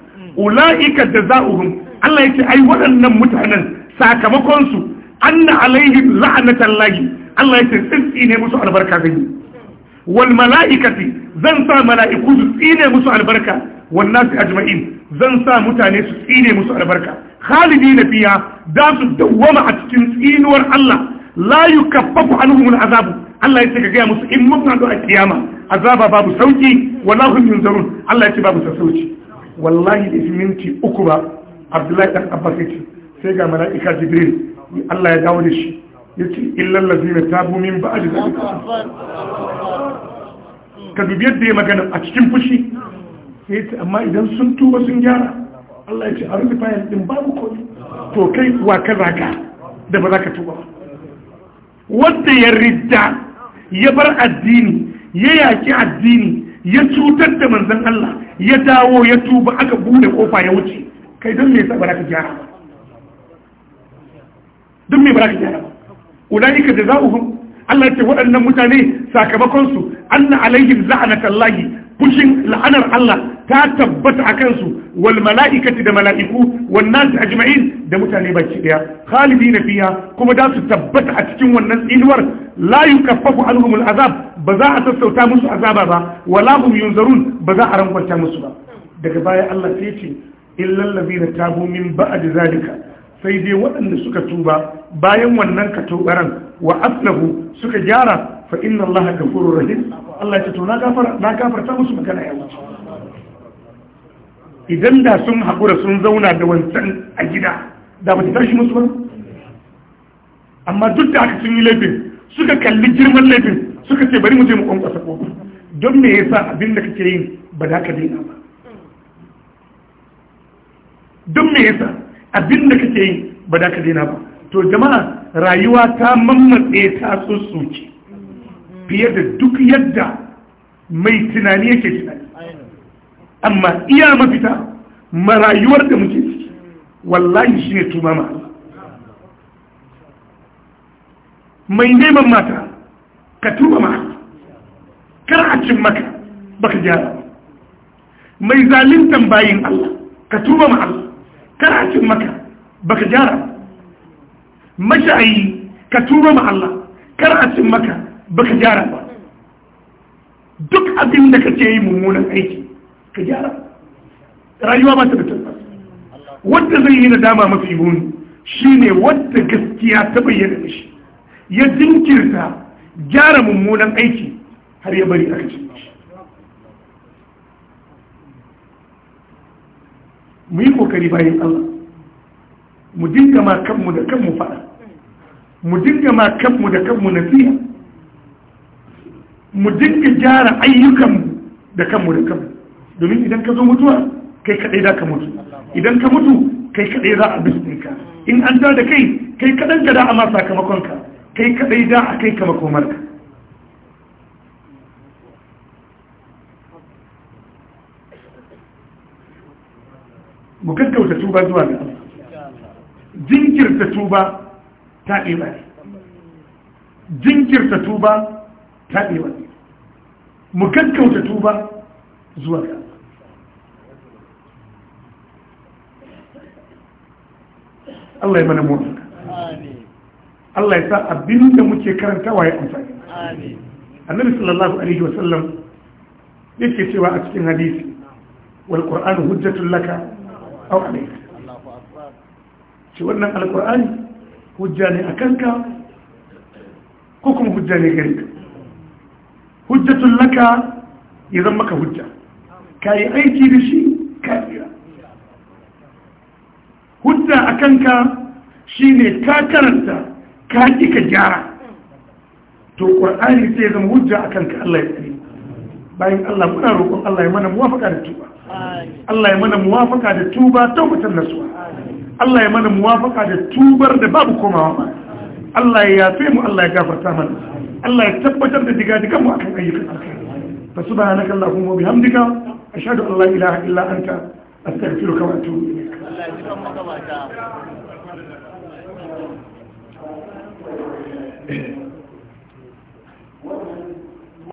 ulaika jazaohum Allah yake ai waɗannan mutanen sakamakon su anna alaihim la'natullahi Allah yake ne musu albarka gani wal mala'ikati zan sa mala'iku su tsine musu albarka wan nasu ajma'in zan sa mutane su tsine musu albarka na fiya za su dawwama a cikin tsinuwar Allah la yukaffafu anhum azabu, Allah ya ce ka gaya musu in mutu hadu a kiyama azaba babu sauki wala hum yunzarun Allah ya ce babu sauki wallahi da minti uku ba Abdullahi dan Abbas sai ga mala'ika Jibril Allah ya dawo da shi yace illal ladina tabu min a jisar ka dubi yadda ya magana a cikin fushi ya ce amma idan sun tuba sun gyara Allah ya ce a rufe fayar din babu komai to kai wa ka zaga da ba za ka tuba wanda ya ridda ya bar addini ya yaki addini ya cutar da manzan Allah ya dawo ya tuba aka bude kofa ya wuce kai don me yasa ba za ka gyara ba don me ba za ka gyara ba ulaika za Allah ce waɗannan mutane sakamakonsu su anna alaihim la'natullahi fushin la'anar Allah ta tabbata a kansu wal mala'ikati da mala'iku wan nas ajma'in da mutane baki daya na fiya kuma za su tabbata a cikin wannan tsinuwar la yukaffafu anhum al azab ba za a sassauta musu azaba ba wala hum yunzarun ba za a rangwanta musu ba daga baya Allah sai ce illal ladina tabu min ba'd zalika sai dai waɗanda suka tuba bayan wannan katobaran wa aslahu suka gyara fa inna allaha ghafurur rahim Allah ya to na gafara na ta musu magana yawa idan da sun haƙura sun zauna da wancan a gida da ba ta tashi musu ba amma duk da aka sun yi laifin suka kalli girman laifin suka ce bari mu je mu kwankwasa ko don me yasa abin da kake yin ba da ka daina ba don me yasa abin da kake yi ba da ka daina ba to jama'a rayuwa ta mammatse ta tsotsoke fiye da duk yadda mai tunani yake tunani amma iya mafita marayuwar da muke ciki wallahi shi ne tuma ma mai neman mata ka tuba ma kar a cin maka baka gyara mai zalintan bayin Allah ka tuba ma Allah kana cin maka baka gyara mashayi ka tura ma Allah a cin maka baka gyara ba duk abin da kake yi mummunan aiki ka gyara rayuwa ba ta da wanda zai yi dama mafi muni shine wanda gaskiya ta bayyana mishi ya jinkirta gyara mummunan aiki har ya bari aka ci mu yi kokari bayan Allah mu dinga ma kanmu da kanmu fada mu dinga ma kanmu da kanmu nasiha mu dinga gyara ayyukanmu da kanmu da kanmu domin idan ka zo mutuwa kai kadai za ka mutu idan ka mutu kai kadai za a ka. in an da kai kai kadan ka da a ma sakamakonka kai kadai da a kai ka makomarka mu gaggauta tuba zuwa ga Allah jinkirta tuba ta ɗewa ne jinkirta tuba ta ɗewa mu gaggauta tuba zuwa ga Allah Allah ya mana motsa Allah ya sa abin da muke karantawa ya amfani annabi sallallahu alaihi wa wasallam yake cewa a cikin hadisi wal qur'an hujjatul laka aw alayka shi wannan alqur'ani hujja ne a kanka ko kuma hujja ne gare ka hujjatul laka idan maka hujja Ka yi aiki da shi ka tsira hujja akan ka shine ka karanta ka ka gyara to qur'ani sai zama hujja a kanka Allah ya tsare bayan Allah muna roƙon Allah ya mana muwafaka da tuba Allah ya mana muwafaka da tuba taubatan nasuwa Allah ya mana muwafaka da tubar da babu komawa ba Allah ya yafe mu Allah ya gafarta mana Allah ya tabbatar da digadigan mu akan ayyukan alkhairi fa subhanaka allahumma wa bihamdika ashhadu an la ilaha illa anta astaghfiruka wa atubu ilayk Allah ya ji maka bata Thank you.